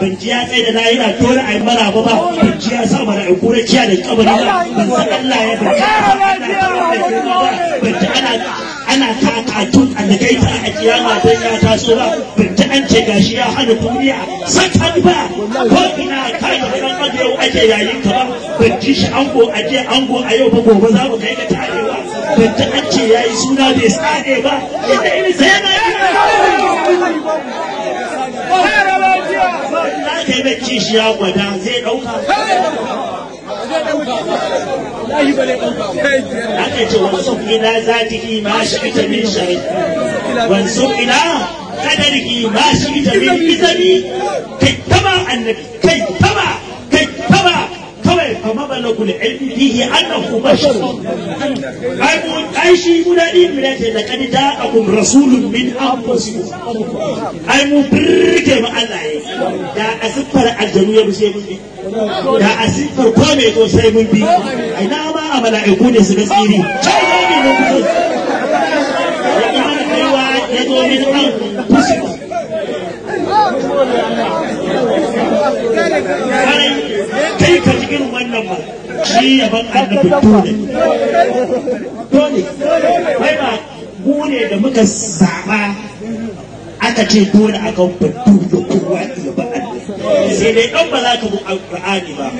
Binciya ya tsaye da yana dole a yi maraba ba binciya ya sa mana a kura kiya da kabari ba ban san Allah ya binciya ana ana ta katun allagai ta a kiyama don ya taso ba binciya an ce gashi ya hana duniya sakan ba ko ina ka da ɗan yau ake yayin ka ba binciya shi ango a ango a yau ba gobe za mu kai ka tarewa binciya an ce ya yi suna bai sare ba inda sai na kai na kishi ya gwada zai ɗauka aka ce wasu ina za ta yi ma shi ita min shari wasu ina kadar yi ma shi ita min izami kai taba annabi kai balagul ilmi fihi annahu bashar ai shi mu dadi mu dace da kad da'akum rasulun min anfusikum ai mu birge mu Allah ya da asfar aljanu ya bushe mun bi da asfar ko me sai mun bi ai na ma a mala'iku ne su ga tsiri ne mun bi ya zo min anfusikum kai ka kanmu shi yaban annabi dole dole wai ba mu ne da muka saba aka ce dole aka kan fadu da kowa iya ba sai dai dan ba za ka bu alqur'ani ba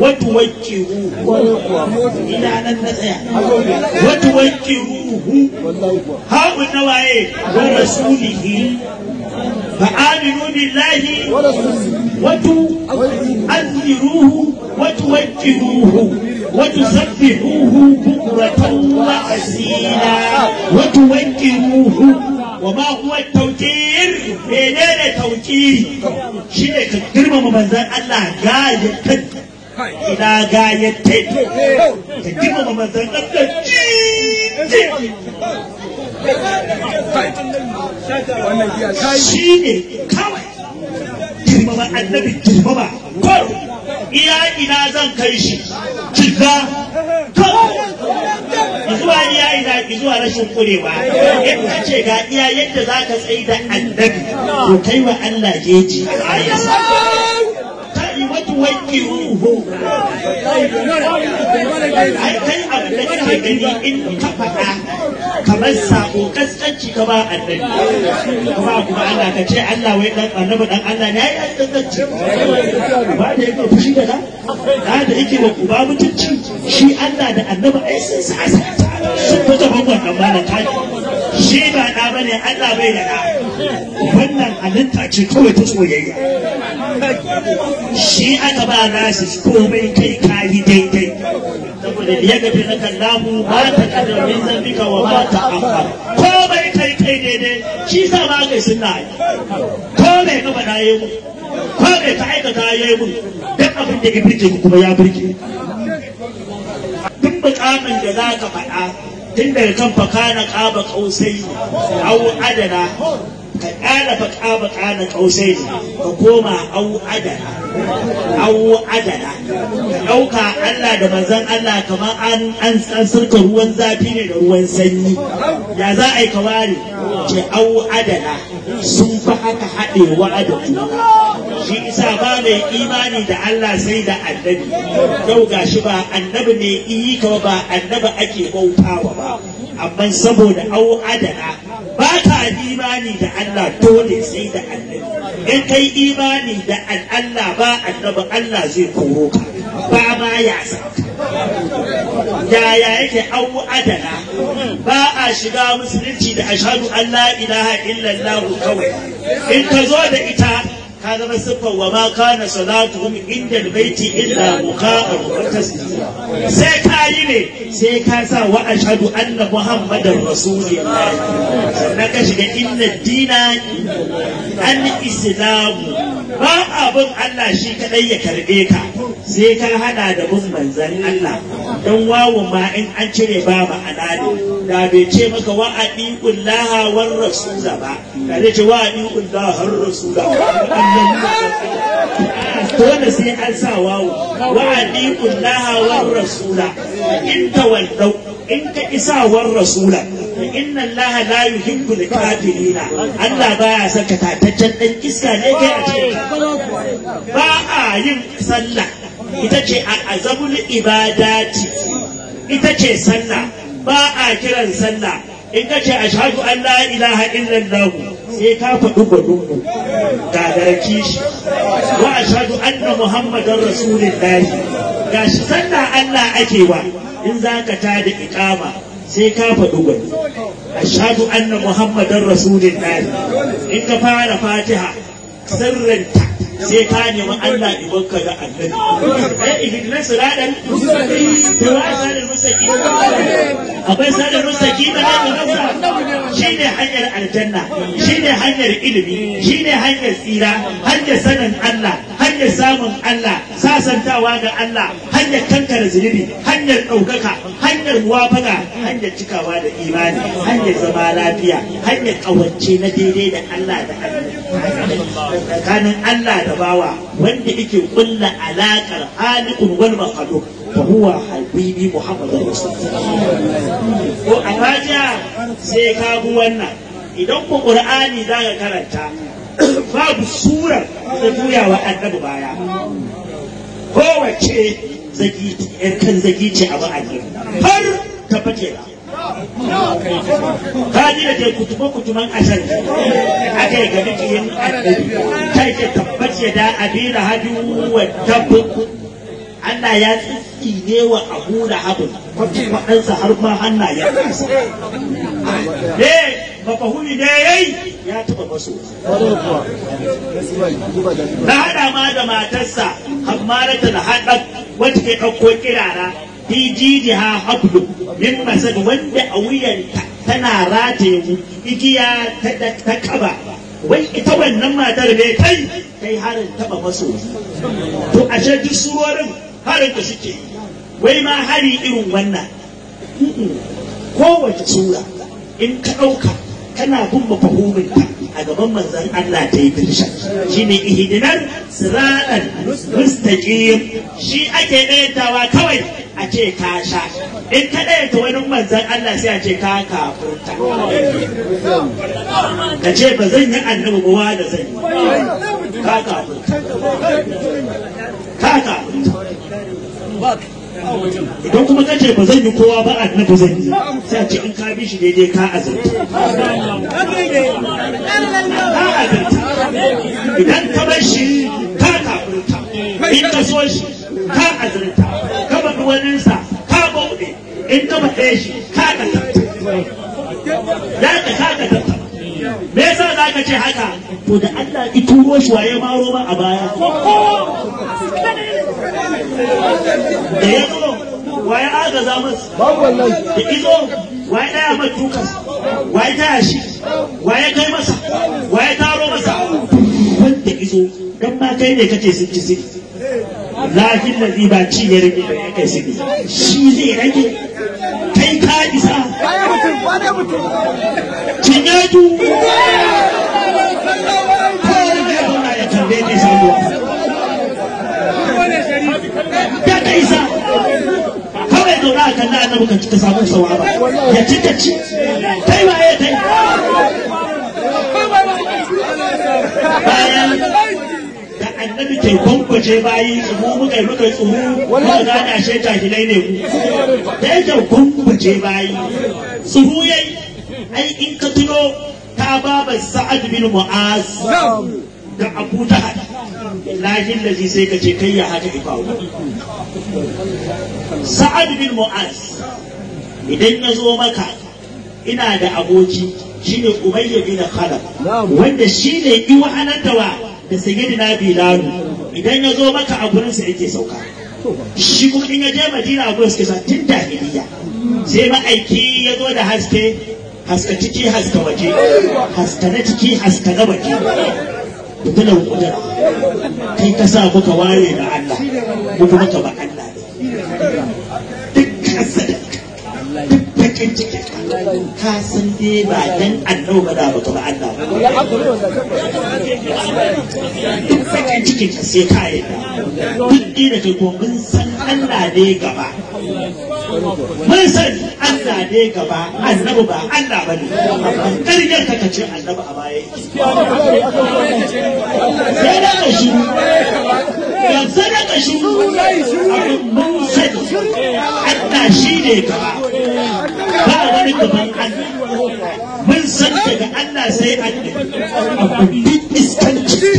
wato wanki ruhu ina nan na tsaya wato wanki ruhu haɓu na waye wa rasulihi fa aminu billahi wato وتوجهوه وتسبحوه بكرة وأصيلا وتوجهوه وما هو التوجير منين التوجير؟ شنو ما ممنزل الله غاية إلى غاية ما ممنزل الله shi ne kawai ما annabi girmama kawai iya ina zan kai shi cika zuwa iya ina ki zuwa rashin kurewa yadda ce ga iya yadda za ka tsaye da annabi to kai wa Allah geji a yasa fatuwakiruhu ai kai abin da kake gani in ka faɗa kamar sabo kaskanci ka ba annabi kuma kuma Allah ka ce Allah wai dan annabi dan Allah ne ai kaskanci ba da yake fushi da na da yake wa kuma mutunci shi Allah da annabi ai sun sa sun fita bangon nan ba da kai shi ba na ba ne Allah bai da ɗa wannan halitta ce kawai ta soyayya shi aka ba na nashi komai kai kayi daidai saboda ya gafi na kallahu ba ta kadar min zambika wa ba ta amma komai kai kai daidai shi sa ma ga sunna komai ka faɗa yi mu komai ka aikata yi mu duk abin da ya birke kuma ya birke duk bukatan da za ka faɗa tun daga kan fakana ƙaba ƙausai au adana ka ƙara baka baka na kausai ne ka koma au adana au adana ka ɗauka Allah da manzon Allah kamar an an surka ruwan zafi ne da ruwan sanyi ya za a yi kawari ce au adana sun fi haka haɗewa da juna shi isa ba mai imani da Allah sai da annabi yau shi ba annabi ne yi ka ba annabi ake bautawa ba amma saboda au adana ba ka imani da Allah dole sai da annabi in kai imani da Allah ba annabi Allah zai koro ka ba ma ya yaya yake awu adana ba a shiga musulunci da ashadu an la ilaha illallah kawai in ka zo da ita Ka zama siffar wa ma kana salatuhum inda albayti illa muqa'a wa tasdiqa sai ka yi ne sai ka sa wa ashhadu anna muhammadar rasulullah sannan ka shiga inna dina an islamu ba abin Allah shi kadai ya karbe ka sai ka hada da bin manzan Allah don wawo ma in an cire ba ma ne da bai ce maka wa'adi ullaha war rasula ba da zai ce wa'adi ullaha har rasula dole sai an sa wawo wa adiqullaha war rasula in tawallaw in ka isa war rasula inna allaha la yuhibbu al-kafirin Allah baya son katataccen dan iska ne kai a cikin ba a yin sallah ita ce azabul ibadati ita ce sallah ba a kiran sallah in kace ashhadu an la ilaha illallah sai ka faɗi gwadodo gagara kishi wa ashadu anna muhammadan rasulun rasulillahi gashi sannan Allah ake wa in zaka tada ikama sai ka faɗi gwado ashadu anna muhammadan rasulun rasulillahi in ka fara fatiha sirrinta sai ka nemi Allah ibanka da annabi ya eh, ihidna siratal siratal mustaqim akwai siratal mustaqim da Shi ne hanyar aljanna shi ne hanyar ilimi shi ne hanyar tsira hanyar sanin Allah hanyar samun Allah sasantawa ga Allah hanyar kankara zunubi hanyar ɗaukaka hanyar muwafaka hanyar cikawa da imani hanyar zama lafiya hanyar ƙawance na daidai da Allah da tsakanin Allah da bawa wanda yake kulla alaƙar halikun wal makhluk fa huwa habibi muhammadur rasulullah ko a sai ka bu wannan idan ku qur'ani zaka karanta babu surar da buyawa annabi baya kowace zagi kan zagi ce a ba'adi har ta fake ka ji da ke kutuba kutuman ashar aka yi gami yin annabi ta ke tabbace da abin hadu wa dabbu Allah ya tsitsi ne wa abu da habu kwaɗansa har ma hannayen ne eh, mafahumi ne yayi ya taba maso na haɗa ma da matarsa na haɗa wacce ke ɗauko kirara fi ha hablu min masar wanda a wuyanta tana rataye mu igiya ta kaba wai ita wannan matar ne kai kai harin taba maso to ashe duk surorin harin da suke wai ma hari irin wannan kowace sura in ka ɗauka kana bin ka a gaban manzan Allah ta yi dirsha shine ihdinar siratan mustaqim shi ake ɗayatawa kawai a ce ka sha in ka ɗayata wani manzan Allah sai a ce ka kafurta ka ce ba zan yi annabi ba da zan yi ka kafurta ka kafurta don kuma kace ba zan yi kowa ba a ba zan yi sai a ce in ka bi shi daidai ka azanta ka idan ka bar shi ka kafurta in ka so shi ka azurta ka baɗi waninsa ka bauɗe in ka baɗe shi ka kazanta ya ka ka me yasa za ka ce haka to da Allah i turo shi waye maro ba a baya Ko da ya zo waye agaza mas da izo waye daya mai tukas waye taya shi waye kai masa waye taro masa wanda izo dan ma kai ne kace sun ci sun lafi lazi ba ci ne rage da kai sun shi zai rage Cinedu. Ya ta isa. Kawai zauna a kalla annabi cika ta samu sawaba. Ya ci ta ci. Kai waye ta yi. Bayan annabi ke kwankwace bayi su mu muka yi muka yi tsoro kuma za ta jahilai ne ku da yake kwankwace bayi tsoro yayi ai in ka tuno ta baba sa'ad bin mu'az da abu ta lahin lazi sai ka ce kai ya haka ifawo sa'ad bin mu'az idan yazo zo maka ina da aboki shine ubayya bin khalaf wanda shine da wa. da na bilalu idan ya zo maka a gurinsa yake sauka shi kuma in ya je madina a gurin suke sa tun hidiya sai ma'aiki ya zo da haske haska ciki haska waje haska na ciki haska na waje kudurar kudura kai ka sa muka ware da Allah mu kuma ka ba. ka san dai ba dan annabi ba da ba Allah duk bakin cikin ka sai ka yi duk dina ka ko mun san Allah ne gaba mun san Allah ne gaba annabi ba Allah ba ne kariyar ka kace annabi a baya sai da shi da sadaka shi abin sani Allah shi ne gaba ba wani gaban Allah mun san daga Allah sai Allah abin duk iskanci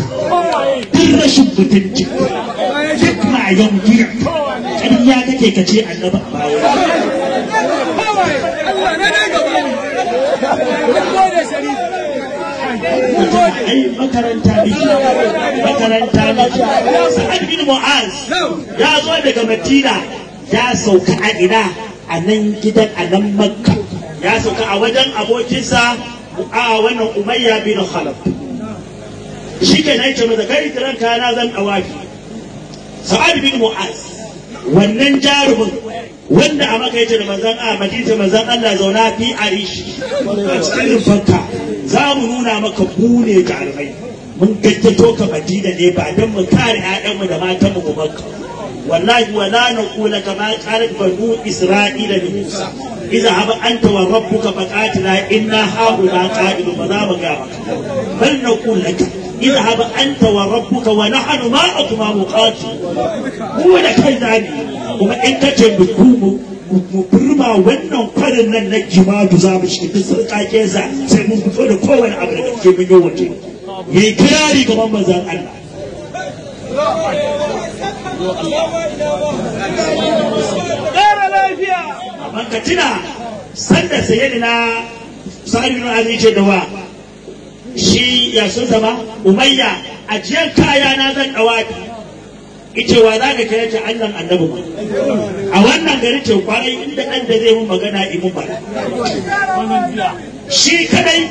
duk rashin mutunci duk mayan giya ƙarya kake kace a ba ai makaranta miki makaranta miki sa'ad bin mu'az ya zo daga madina ya sauka a ina a nan gidan a nan makka ya sauka a wajen abokinsa a wannan umayya bin khalaf shi ke na yace masa kai tiran kayana zan dawaki sa'ad bin mu'az wannan jarumin wanda a maka yace da manzon a ah, madina manzon Allah zauna fi arishi a cikin rufanka zamu nuna maka mu ne jarumai mun gaggato ka madina ne ba dan mu kare 'ya'yanmu da matan mu ba wallahi wala naqula kama qalat banu isra'ila li musa idza haba anta wa rabbuka faqatila inna haula qa'idu ba za mu ga ba bal naqul laka اذهب انت وربك ونحن معكما مقاتل هو ده كان وما انت تبكوه mu burma wannan kwarin nan na jimadu za mu shiga duk sai mun fito da kowane abu da kake mun yi waje mai kirari gaban manzan Allah kara lafiya amma ka tuna sanda sayyidina sa'id bin ali ce da wa shi ya sun zama umayya ajiyar kaya na zan dawaki ice wa za ka kira ta Allah annabi ba a wannan gari ce kwarai inda dan da zai mun magana imu ba shi kadai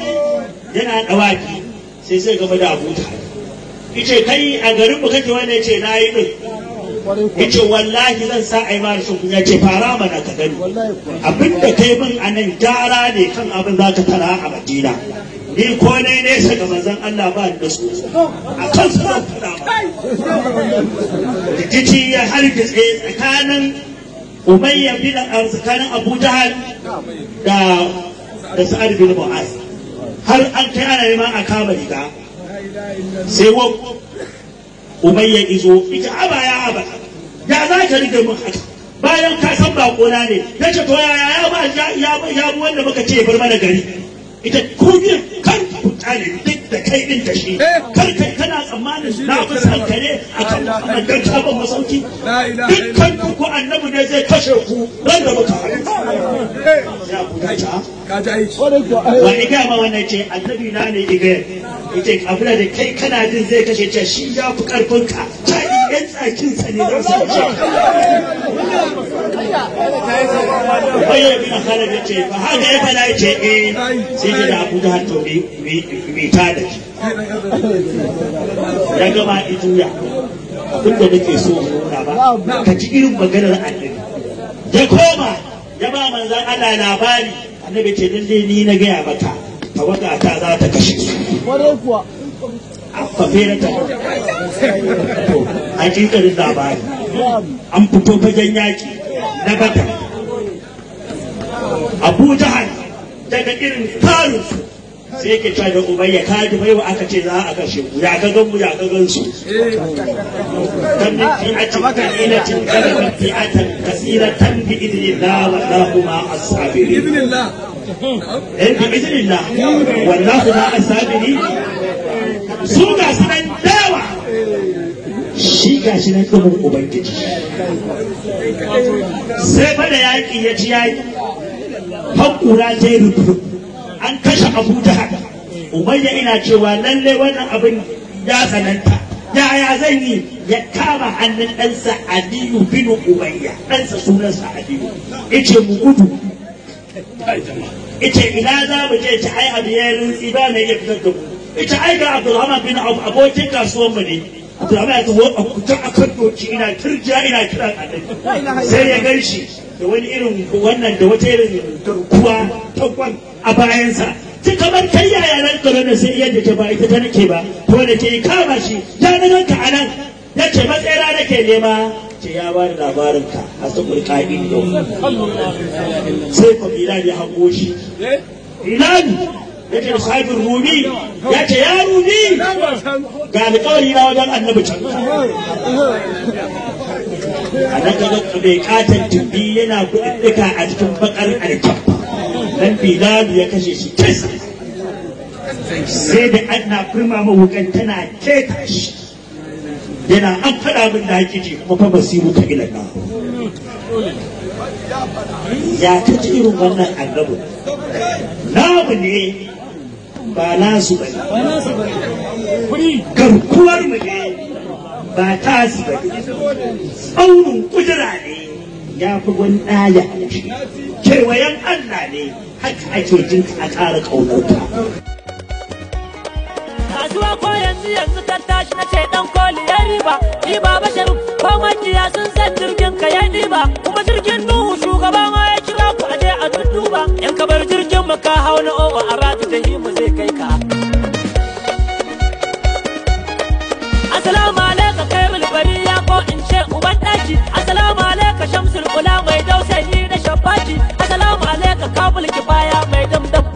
yana dawaki sai sai gaba da abuta ice kai a garin mu kake wani ce na yi din Ice wallahi zan sa a yi mara shi kunya ce fara mana ka gani abinda kai min a nan gyara ne kan abin za ka tara a madina ni ko ne nesa ga manzon Allah ba da su a kan su zan fada kici ya hargitse tsakanin umayya bin tsakanin abu jahal da da sa'ad bin mu'az har an kai ana neman a kama riga sai wa umayya izo ita aba ya aba ya za ka rike mun haka bayan ka san bakona ne yace to ya ya ya ya wanda muka ce bar mana gari ita kuyi biyan kar ku tare duk da kai din da shi eh. kar kai kana tsammanin na fi san ka a kan Muhammad dan ban masauki dukkan ku ko annabi ne zai kashe ku ran da muka eh. eh. wa iga ma wannan ce annabi na ne iga ita abuna da kai kana jin zai kashe ce shi ya fi karfin ka ta yan tsakin sa ne ce ba haka ya fada ce eh sai ke da ta nake so ba ka ji irin maganar annabi ya koma ya ba manzan Allah labari annabi ce lalle ni na gaya maka tawaga ta za ta kashe su fafirata to hakikarin labari an fito fagen yaƙi na bata abu jahal daga irin tarin sai ke cewa da Umar, ya ji bai wa aka ce za a kashe mu, ya ka gan mu ya ka gan su kan min fi'atin qalilatin kan min fi'atin kasiratan bi idnillah wallahu ma as-sabirin idnillah eh bi idnillah wallahu ma as-sabirin su ga su nan dawa shi ga shi nan ɗumin ubangiji sai bada yaƙi ya ci yaƙi haƙura zai rubu an kashe abu da haka umayya ina cewa lallai wannan abin ya tsananta yaya zan yi ya kama hannun ɗansa aliyu binu umayya ɗansa sunansa aliyu ice mu gudu ice ina za mu je ci ai abu ya rinsi ba na iya fitar da mu ita ai ga abdulrahman bin auf abokin kasuwanmu ne abdulrahman ya zo a kuta a kan doki ina turja ina kiran annabi sai ya gan shi da wani irin wannan da wata irin garkuwa ta kwan a bayansa ta kamar kai yaya nan tsaro da sai yadda ta ba ita ta nake ba to da ke kama shi ya nan ka anan ya ce matsayara nake nema ce ya ba da labarin ka a sabon ka'idin don? sai kwamila ya hango shi eh? ilani yake da rumi ya ce ya rumi ga alƙawari na wajen annabi can a nan zaka bai katon tumbi yana kuɗaɗɗuka a cikin bakar alkyab nan bilalu ya kashe shi kes sai da na firma mawukan tana keta shi yana an faɗa min da ce kuma fa basiru ta gina na ya ta irin wannan Na namu ne ba nasu ba garkuwar mu ne ba ta su ba tsaunin kudura ne ya fi wani ɗaya kewayen Allah ne haka ake jin a ƙara ƙaunarta. kasuwa ko yanzu yanzu ta tashi na ce ɗan koli ya riba ni ba bashar ko makiya sun san jirgin ka ya riba kuma jirgin duhu shugaba ma ya kira ku aje a dudduba in ka bar jirgin mu ka hau na owa a ratu ta himu mulki baya mai damdam